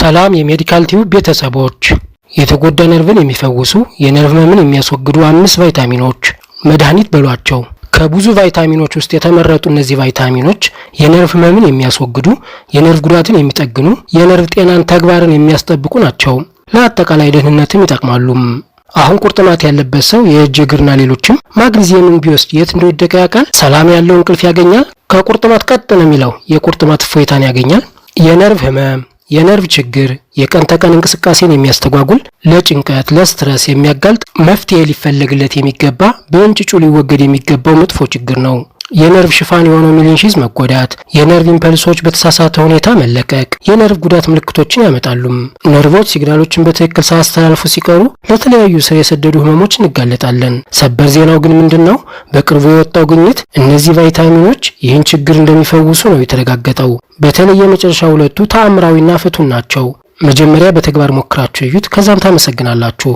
ሰላም የሜዲካል ቲዩብ ቤተሰቦች፣ የተጎዳ ነርቭን የሚፈውሱ የነርቭ መምን የሚያስወግዱ አምስት ቫይታሚኖች መድኃኒት በሏቸው። ከብዙ ቫይታሚኖች ውስጥ የተመረጡ እነዚህ ቫይታሚኖች የነርቭ ህመምን የሚያስወግዱ፣ የነርቭ ጉዳትን የሚጠግኑ፣ የነርቭ ጤናን ተግባርን የሚያስጠብቁ ናቸው። ለአጠቃላይ ደህንነትም ይጠቅማሉም። አሁን ቁርጥማት ያለበት ሰው የእጅ እግርና ሌሎችም ማግኒዚየምን ቢወስድ የት እንደወደቀ ያውቃል። ሰላም ያለው እንቅልፍ ያገኛል። ከቁርጥማት ቀጥ ነው የሚለው የቁርጥማት እፎይታን ያገኛል። የነርቭ ህመም የነርቭ ችግር የቀን ተቀን እንቅስቃሴን የሚያስተጓጉል ለጭንቀት ለስትረስ የሚያጋልጥ መፍትሄ ሊፈለግለት የሚገባ በእንጭጩ ሊወገድ የሚገባው መጥፎ ችግር ነው። የነርቭ ሽፋን የሆነው ሚሊንሺዝ መጎዳት፣ የነርቭ ኢምፐልሶች በተሳሳተ ሁኔታ መለቀቅ የነርቭ ጉዳት ምልክቶችን ያመጣሉም። ነርቮች ሲግናሎችን በትክክል ሳያስተላልፉ ሲቀሩ ለተለያዩ ስር የሰደዱ ህመሞች እንጋለጣለን። ሰበር ዜናው ግን ምንድን ነው? በቅርቡ የወጣው ግኝት እነዚህ ቫይታሚኖች ይህን ችግር እንደሚፈውሱ ነው የተረጋገጠው። በተለይ የመጨረሻ ሁለቱ ተአምራዊና ፍቱን ናቸው። መጀመሪያ በተግባር ሞክራችሁ እዩት፣ ከዛም ታመሰግናላችሁ።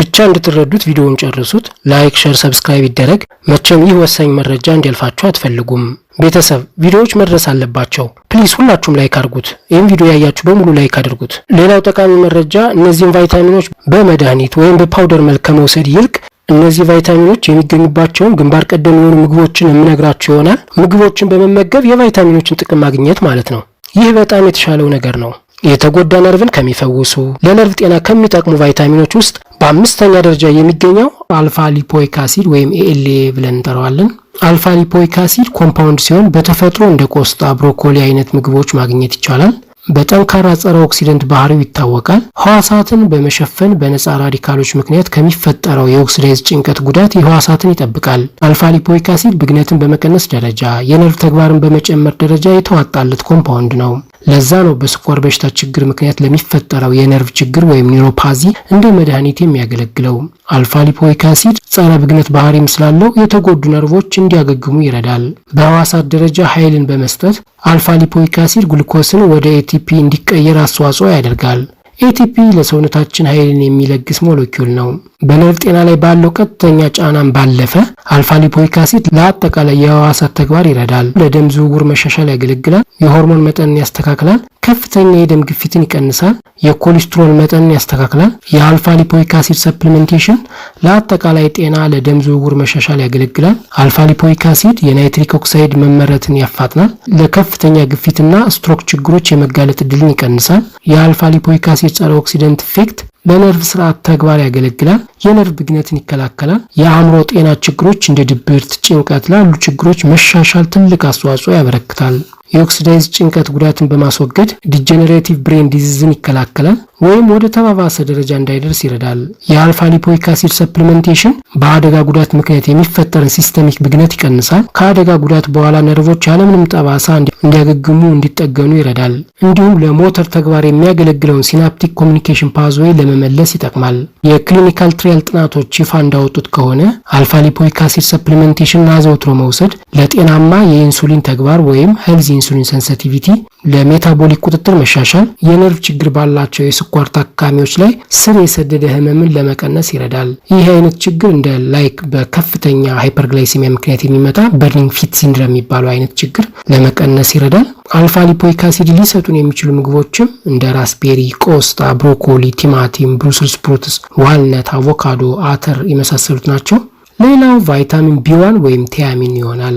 ብቻ እንድትረዱት ቪዲዮውን ጨርሱት። ላይክ፣ ሸር፣ ሰብስክራይብ ይደረግ። መቼም ይህ ወሳኝ መረጃ እንዲያልፋችሁ አትፈልጉም። ቤተሰብ ቪዲዮዎች መድረስ አለባቸው። ፕሊዝ ሁላችሁም ላይክ አድርጉት። ይህም ቪዲዮ ያያችሁ በሙሉ ላይክ አድርጉት። ሌላው ጠቃሚ መረጃ እነዚህን ቫይታሚኖች በመድኃኒት ወይም በፓውደር መልክ ከመውሰድ ይልቅ እነዚህ ቫይታሚኖች የሚገኙባቸውን ግንባር ቀደም የሆኑ ምግቦችን የምነግራችሁ ይሆናል። ምግቦችን በመመገብ የቫይታሚኖችን ጥቅም ማግኘት ማለት ነው። ይህ በጣም የተሻለው ነገር ነው። የተጎዳ ነርቭን ከሚፈውሱ ለነርቭ ጤና ከሚጠቅሙ ቫይታሚኖች ውስጥ በአምስተኛ ደረጃ የሚገኘው አልፋ ሊፖይክ አሲድ ወይም ኤኤልኤ ብለን እንጠራዋለን። አልፋ ሊፖይክ አሲድ ኮምፓውንድ ሲሆን በተፈጥሮ እንደ ቆስጣ፣ ብሮኮሊ አይነት ምግቦች ማግኘት ይቻላል። በጠንካራ ጸረ ኦክሲደንት ባህሪው ይታወቃል። ህዋሳትን በመሸፈን በነፃ ራዲካሎች ምክንያት ከሚፈጠረው የኦክሲዳይዝ ጭንቀት ጉዳት የህዋሳትን ይጠብቃል። አልፋ ሊፖይክ አሲድ ብግነትን በመቀነስ ደረጃ፣ የነርቭ ተግባርን በመጨመር ደረጃ የተዋጣለት ኮምፓውንድ ነው። ለዛ ነው በስኳር በሽታ ችግር ምክንያት ለሚፈጠረው የነርቭ ችግር ወይም ኒውሮፓዚ እንደ መድኃኒት የሚያገለግለው። አልፋ ሊፖይክ አሲድ ጸረ ብግነት ባህሪም ስላለው የተጎዱ ነርቮች እንዲያገግሙ ይረዳል። በህዋሳት ደረጃ ኃይልን በመስጠት አልፋ ሊፖይክ አሲድ ግሉኮስን ወደ ኤቲ ኤቲፒ እንዲቀየር አስተዋጽኦ ያደርጋል። ኤቲፒ ለሰውነታችን ኃይልን የሚለግስ ሞለኪውል ነው። በነርቭ ጤና ላይ ባለው ቀጥተኛ ጫናን ባለፈ አልፋ ሊፖይክ አሲድ ለአጠቃላይ የህዋሳት ተግባር ይረዳል። ለደም ዝውውር መሻሻል ያገለግላል፣ የሆርሞን መጠንን ያስተካክላል፣ ከፍተኛ የደም ግፊትን ይቀንሳል፣ የኮሌስትሮል መጠንን ያስተካክላል። የአልፋ ሊፖይክ አሲድ ሰፕሊመንቴሽን ለአጠቃላይ ጤና፣ ለደም ዝውውር መሻሻል ያገለግላል። አልፋ ሊፖይክ አሲድ የናይትሪክ ኦክሳይድ መመረትን ያፋጥናል፣ ለከፍተኛ ግፊትና ስትሮክ ችግሮች የመጋለጥ እድልን ይቀንሳል። የአልፋ ሊፖይክ አሲድ ጸረ ኦክሲደንት ኢፌክት በነርቭ ስርዓት ተግባር ያገለግላል። የነርቭ ብግነትን ይከላከላል። የአእምሮ ጤና ችግሮች እንደ ድብርት፣ ጭንቀት ላሉ ችግሮች መሻሻል ትልቅ አስተዋጽኦ ያበረክታል። የኦክሲዳይዝ ጭንቀት ጉዳትን በማስወገድ ዲጀነሬቲቭ ብሬን ዲዚዝን ይከላከላል። ወይም ወደ ተባባሰ ደረጃ እንዳይደርስ ይረዳል። የአልፋ ሊፖይክ አሲድ ሰፕሊመንቴሽን በአደጋ ጉዳት ምክንያት የሚፈጠርን ሲስተሚክ ብግነት ይቀንሳል። ከአደጋ ጉዳት በኋላ ነርቮች ያለምንም ጠባሳ እንዲያገግሙ፣ እንዲጠገኑ ይረዳል። እንዲሁም ለሞተር ተግባር የሚያገለግለውን ሲናፕቲክ ኮሚኒኬሽን ፓዝዌይ ለመመለስ ይጠቅማል። የክሊኒካል ትሪያል ጥናቶች ይፋ እንዳወጡት ከሆነ አልፋ ሊፖይክ አሲድ ሰፕሊመንቴሽን አዘውትሮ መውሰድ ለጤናማ የኢንሱሊን ተግባር ወይም ሄልዝ ኢንሱሊን ሴንሲቲቪቲ፣ ለሜታቦሊክ ቁጥጥር መሻሻል፣ የነርቭ ችግር ባላቸው ስኳር ታካሚዎች ላይ ስር የሰደደ ህመምን ለመቀነስ ይረዳል። ይህ አይነት ችግር እንደ ላይክ በከፍተኛ ሃይፐርግላይሲሚያ ምክንያት የሚመጣ በርኒንግ ፊት ሲንድረም የሚባለው አይነት ችግር ለመቀነስ ይረዳል። አልፋ ሊፖይክ አሲድ ሊሰጡን የሚችሉ ምግቦችም እንደ ራስቤሪ፣ ቆስጣ፣ ብሮኮሊ፣ ቲማቲም፣ ብሩስል ስፕሩትስ፣ ዋልነት፣ አቮካዶ፣ አተር የመሳሰሉት ናቸው። ሌላው ቫይታሚን ቢዋን ወይም ቲያሚን ይሆናል።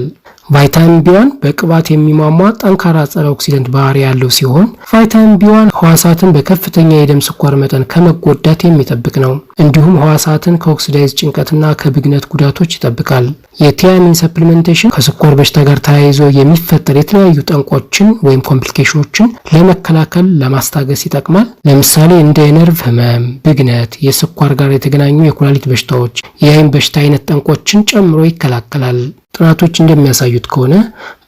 ቫይታሚን ቢዋን በቅባት የሚሟሟ ጠንካራ ጸረ ኦክሲደንት ባህሪ ያለው ሲሆን ቫይታሚን ቢዋን ህዋሳትን በከፍተኛ የደም ስኳር መጠን ከመጎዳት የሚጠብቅ ነው። እንዲሁም ህዋሳትን ከኦክሲዳይዝ ጭንቀትና ከብግነት ጉዳቶች ይጠብቃል። የቲያሚን ሰፕሊመንቴሽን ከስኳር በሽታ ጋር ተያይዞ የሚፈጠር የተለያዩ ጠንቆችን ወይም ኮምፕሊኬሽኖችን ለመከላከል ለማስታገስ ይጠቅማል። ለምሳሌ እንደ የነርቭ ህመም፣ ብግነት፣ የስኳር ጋር የተገናኙ የኩላሊት በሽታዎች፣ የአይን በሽታ አይነት ጠንቆችን ጨምሮ ይከላከላል። ጥናቶች እንደሚያሳዩት ከሆነ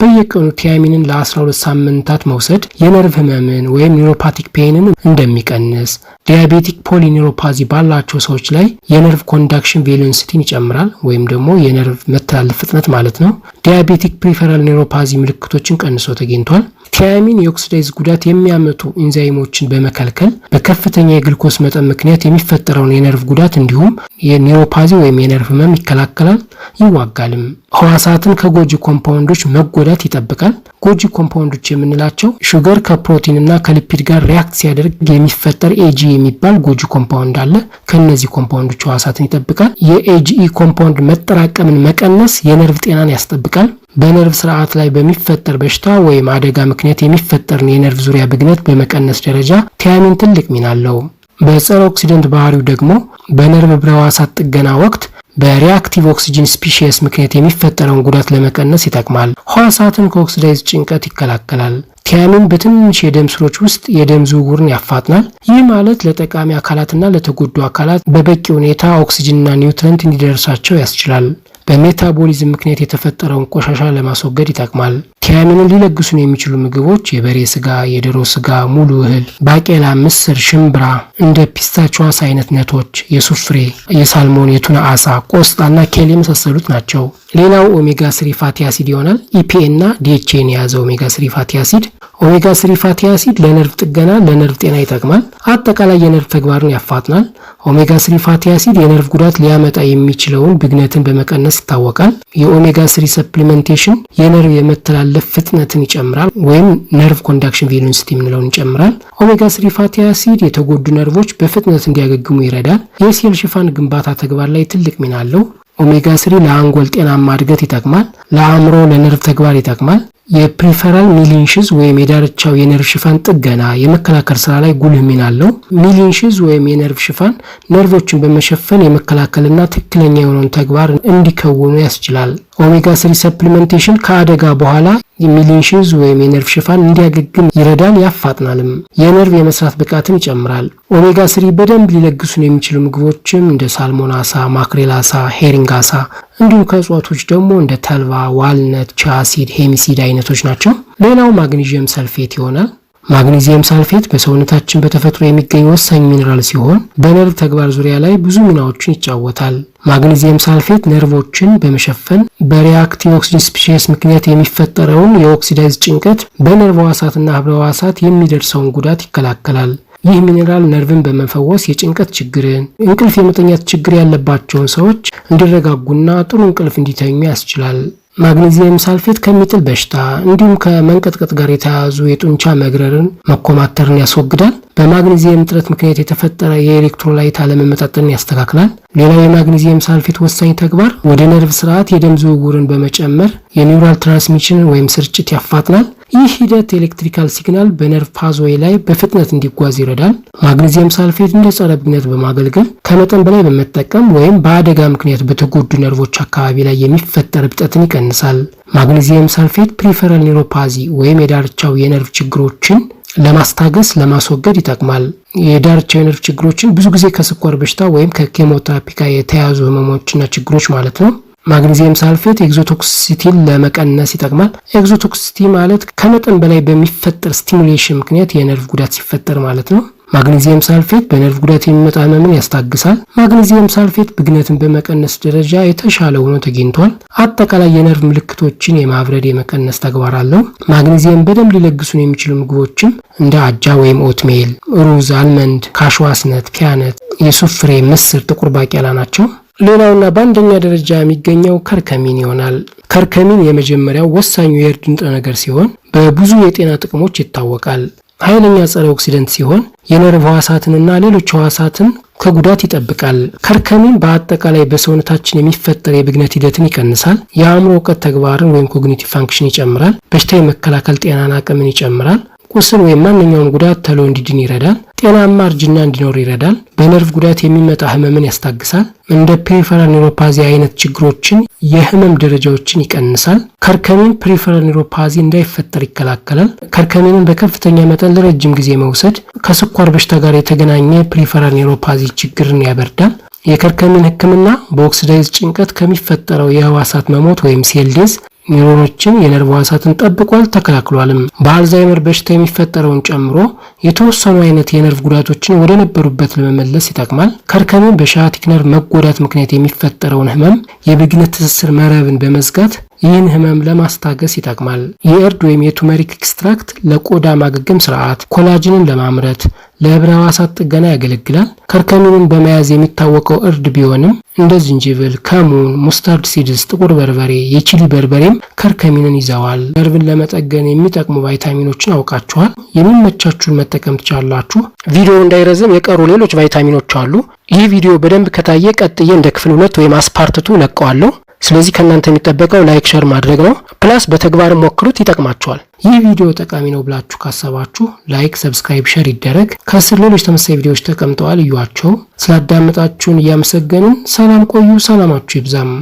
በየቀኑ ቲያሚንን ለ12 ሳምንታት መውሰድ የነርቭ ህመምን ወይም ኒውሮፓቲክ ፔንን እንደሚቀንስ፣ ዲያቤቲክ ፖሊኒውሮፓዚ ባላቸው ሰዎች ላይ የነርቭ ኮንዳክሽን ቬሎንሲቲን ይጨምራል ወይም ደግሞ የነርቭ መተላለፍ ፍጥነት ማለት ነው። ዲያቤቲክ ፕሪፈራል ኒውሮፓዚ ምልክቶችን ቀንሶ ተገኝቷል። ቲያሚን የኦክሲዳይዝ ጉዳት የሚያመጡ ኢንዛይሞችን በመከልከል በከፍተኛ የግልኮስ መጠን ምክንያት የሚፈጠረውን የነርቭ ጉዳት እንዲሁም የኒውሮፓዚ ወይም የነርቭ ህመም ይከላከላል፣ ይዋጋልም። ህዋሳትን ከጎጂ ኮምፓውንዶች መጎዳት ውህደት ይጠብቃል። ጎጂ ኮምፓውንዶች የምንላቸው ሹገር ከፕሮቲን እና ከሊፒድ ጋር ሪያክት ሲያደርግ የሚፈጠር ኤጂ የሚባል ጎጂ ኮምፓውንድ አለ። ከእነዚህ ኮምፓውንዶች ህዋሳትን ይጠብቃል። የኤጂኢ ኮምፓውንድ መጠራቀምን መቀነስ የነርቭ ጤናን ያስጠብቃል። በነርቭ ስርዓት ላይ በሚፈጠር በሽታ ወይም አደጋ ምክንያት የሚፈጠርን የነርቭ ዙሪያ ብግነት በመቀነስ ደረጃ ቲያሚን ትልቅ ሚና አለው። በጸረ ኦክሲደንት ባህሪው ደግሞ በነርቭ ህዋሳት ጥገና ወቅት በሪአክቲቭ ኦክሲጅን ስፒሺስ ምክንያት የሚፈጠረውን ጉዳት ለመቀነስ ይጠቅማል። ሕዋሳትን ከኦክሲዳይዝ ጭንቀት ይከላከላል። ቲያሚን በትንሽ የደም ስሮች ውስጥ የደም ዝውውርን ያፋጥናል። ይህ ማለት ለጠቃሚ አካላትና ለተጎዱ አካላት በበቂ ሁኔታ ኦክሲጅንና ኒውትረንት እንዲደርሳቸው ያስችላል። በሜታቦሊዝም ምክንያት የተፈጠረውን ቆሻሻ ለማስወገድ ይጠቅማል። ቲያሚንን ሊለግሱን የሚችሉ ምግቦች የበሬ ስጋ፣ የዶሮ ስጋ፣ ሙሉ እህል፣ ባቄላ፣ ምስር፣ ሽምብራ፣ እንደ ፒስታቸዋስ ነቶች፣ የሱፍሬ፣ የሳልሞን፣ የቱና አሳ፣ ቆስጣና ኬል የመሳሰሉት ናቸው። ሌላው ኦሜጋ ስሪ ፋቲ አሲድ ይሆናል። ኢፒኤ እና ዲኤችኤን የያዘ ኦሜጋ ስሪ ፋቲ አሲድ ኦሜጋ ስሪ ፋቲ አሲድ ለነርቭ ጥገና፣ ለነርቭ ጤና ይጠቅማል። አጠቃላይ የነርቭ ተግባርን ያፋጥናል። ኦሜጋ ስሪ ፋቲ አሲድ የነርቭ ጉዳት ሊያመጣ የሚችለውን ብግነትን በመቀነስ ይታወቃል። የኦሜጋ ስሪ ሰፕሊመንቴሽን የነርቭ የመተላለፍ ፍጥነትን ይጨምራል፣ ወይም ነርቭ ኮንዳክሽን ቬሎሲቲ የምንለውን ይጨምራል። ኦሜጋ ስሪ ፋቲ አሲድ የተጎዱ ነርቮች በፍጥነት እንዲያገግሙ ይረዳል። የሴል ሽፋን ግንባታ ተግባር ላይ ትልቅ ሚና አለው። ኦሜጋ ስሪ ለአንጎል ጤናማ እድገት ይጠቅማል። ለአእምሮ፣ ለነርቭ ተግባር ይጠቅማል። የፕሪፈራል ሚሊንሽዝ ወይም የዳርቻው የነርቭ ሽፋን ጥገና የመከላከል ስራ ላይ ጉልህ ሚና አለው። ሚሊንሽዝ ወይም የነርቭ ሽፋን ነርቮችን በመሸፈን የመከላከልና ትክክለኛ የሆነውን ተግባር እንዲከውኑ ያስችላል። ኦሜጋ ስሪ ሰፕሊመንቴሽን ከአደጋ በኋላ የሚሊንሽዝ ወይም የነርቭ ሽፋን እንዲያገግም ይረዳል፣ ያፋጥናልም። የነርቭ የመስራት ብቃትን ይጨምራል። ኦሜጋ ስሪ በደንብ ሊለግሱን የሚችሉ ምግቦችም እንደ ሳልሞን አሳ፣ ማክሬል አሳ፣ ሄሪንግ አሳ፣ እንዲሁ ከእጽዋቶች ደግሞ እንደ ተልባ፣ ዋልነት፣ ቻሲድ፣ ሄሚሲድ አይነቶች ናቸው። ሌላው ማግኒዥየም ሰልፌት ይሆናል። ማግኒዚየም ሳልፌት በሰውነታችን በተፈጥሮ የሚገኝ ወሳኝ ሚኔራል ሲሆን በነርቭ ተግባር ዙሪያ ላይ ብዙ ሚናዎችን ይጫወታል። ማግኒዚየም ሳልፌት ነርቮችን በመሸፈን በሪያክቲቭ ኦክሲጅን ምክንያት የሚፈጠረውን የኦክሲዳይዝ ጭንቀት፣ በነርቭ ዋሳትና ህብረ ሕዋሳት የሚደርሰውን ጉዳት ይከላከላል። ይህ ሚኔራል ነርቭን በመፈወስ የጭንቀት ችግርን፣ እንቅልፍ የመተኛት ችግር ያለባቸውን ሰዎች እንዲረጋጉና ጥሩ እንቅልፍ እንዲተኙ ያስችላል። ማግኔዚየም ሳልፌት ከሚጥል በሽታ እንዲሁም ከመንቀጥቀጥ ጋር የተያያዙ የጡንቻ መግረርን መኮማተርን ያስወግዳል። በማግኔዚየም እጥረት ምክንያት የተፈጠረ የኤሌክትሮላይት አለመመጣጠን ያስተካክላል። ሌላው የማግኔዚየም ሳልፌት ወሳኝ ተግባር ወደ ነርቭ ስርዓት የደም ዝውውርን በመጨመር የኒውራል ትራንስሚሽን ወይም ስርጭት ያፋጥናል። ይህ ሂደት ኤሌክትሪካል ሲግናል በነርቭ ፓዝዌይ ላይ በፍጥነት እንዲጓዝ ይረዳል። ማግኔዚየም ሳልፌት እንደ ጸረ ብግነት በማገልገል ከመጠን በላይ በመጠቀም ወይም በአደጋ ምክንያት በተጎዱ ነርቮች አካባቢ ላይ የሚፈጠር እብጠትን ይቀንሳል። ማግኔዚየም ሳልፌት ፕሪፈራል ኒውሮፓዚ ወይም የዳርቻው የነርቭ ችግሮችን ለማስታገስ ለማስወገድ ይጠቅማል። የዳርቻ የነርቭ ችግሮችን ብዙ ጊዜ ከስኳር በሽታ ወይም ከኬሞቴራፒ ጋር የተያያዙ ህመሞችና ችግሮች ማለት ነው። ማግኒዚየም ሳልፌት ኤግዞቶክሲቲን ለመቀነስ ይጠቅማል። ኤግዞቶክሲቲ ማለት ከመጠን በላይ በሚፈጠር ስቲሙሌሽን ምክንያት የነርቭ ጉዳት ሲፈጠር ማለት ነው። ማግኔዚየም ሳልፌት በነርቭ ጉዳት የሚመጣ ህመምን ያስታግሳል። ማግኔዚየም ሳልፌት ብግነትን በመቀነስ ደረጃ የተሻለ ሆኖ ተገኝቷል። አጠቃላይ የነርቭ ምልክቶችን የማብረድ የመቀነስ ተግባር አለው። ማግኔዚየም በደንብ ሊለግሱን የሚችሉ ምግቦችም እንደ አጃ ወይም ኦትሜል፣ ሩዝ፣ አልመንድ፣ ካሽዋስነት፣ ፒያነት፣ የሱፍ ፍሬ፣ ምስር፣ ጥቁር ባቄላ ናቸው። ሌላውና በአንደኛ ደረጃ የሚገኘው ከርከሚን ይሆናል። ከርከሚን የመጀመሪያው ወሳኙ የእርድ ንጥረ ነገር ሲሆን በብዙ የጤና ጥቅሞች ይታወቃል። ኃይለኛ ጸረ ኦክሲደንት ሲሆን የነርቭ ህዋሳትንና ሌሎች ህዋሳትን ከጉዳት ይጠብቃል። ከርከሚን በአጠቃላይ በሰውነታችን የሚፈጠር የብግነት ሂደትን ይቀንሳል። የአእምሮ እውቀት ተግባርን ወይም ኮግኒቲቭ ፋንክሽን ይጨምራል። በሽታ የመከላከል ጤናን አቅምን ይጨምራል። ቁስል ወይም ማንኛውን ጉዳት ተሎ እንዲድን ይረዳል። ጤናማ እርጅና እንዲኖር ይረዳል። በነርቭ ጉዳት የሚመጣ ህመምን ያስታግሳል። እንደ ፔሪፈራል ኒሮፓዚ አይነት ችግሮችን የህመም ደረጃዎችን ይቀንሳል። ከርከሚን ፔሪፈራል ኒሮፓዚ እንዳይፈጠር ይከላከላል። ከርከሚንን በከፍተኛ መጠን ለረጅም ጊዜ መውሰድ ከስኳር በሽታ ጋር የተገናኘ ፔሪፈራል ኒሮፓዚ ችግርን ያበርዳል። የከርከሚን ህክምና በኦክሲዳይዝ ጭንቀት ከሚፈጠረው የህዋሳት መሞት ወይም ሴል ኒውሮኖችን የነርቭ ሕዋሳትን ጠብቋል ተከላክሏልም። በአልዛይመር በሽታ የሚፈጠረውን ጨምሮ የተወሰኑ አይነት የነርቭ ጉዳቶችን ወደ ነበሩበት ለመመለስ ይጠቅማል። ከርከምን በሻቲክ ነርቭ መጎዳት ምክንያት የሚፈጠረውን ህመም የብግነት ትስስር መረብን በመዝጋት ይህን ህመም ለማስታገስ ይጠቅማል። የእርድ ወይም የቱመሪክ ኤክስትራክት ለቆዳ ማገገም ስርዓት፣ ኮላጅንን ለማምረት፣ ለህብረ ህዋሳት ጥገና ያገለግላል። ከርከሚንን በመያዝ የሚታወቀው እርድ ቢሆንም እንደ ዝንጅብል፣ ከሙን፣ ሙስታርድ ሲድስ፣ ጥቁር በርበሬ፣ የቺሊ በርበሬም ከርከሚንን ይዘዋል። ነርቭን ለመጠገን የሚጠቅሙ ቫይታሚኖችን አውቃችኋል። የሚመቻችሁን መጠቀም ትችላላችሁ። ቪዲዮ እንዳይረዝም የቀሩ ሌሎች ቫይታሚኖች አሉ። ይህ ቪዲዮ በደንብ ከታየ ቀጥዬ እንደ ክፍል ሁለት ወይም አስፓርትቱ ለቀዋለሁ። ስለዚህ ከእናንተ የሚጠበቀው ላይክ፣ ሸር ማድረግ ነው። ፕላስ በተግባር ሞክሩት፣ ይጠቅማቸዋል። ይህ ቪዲዮ ጠቃሚ ነው ብላችሁ ካሰባችሁ ላይክ፣ ሰብስክራይብ፣ ሸር ይደረግ። ከስር ሌሎች ተመሳሳይ ቪዲዮዎች ተቀምጠዋል፣ እዩዋቸው። ስላዳመጣችሁን እያመሰገንን ሰላም ቆዩ። ሰላማችሁ ይብዛም።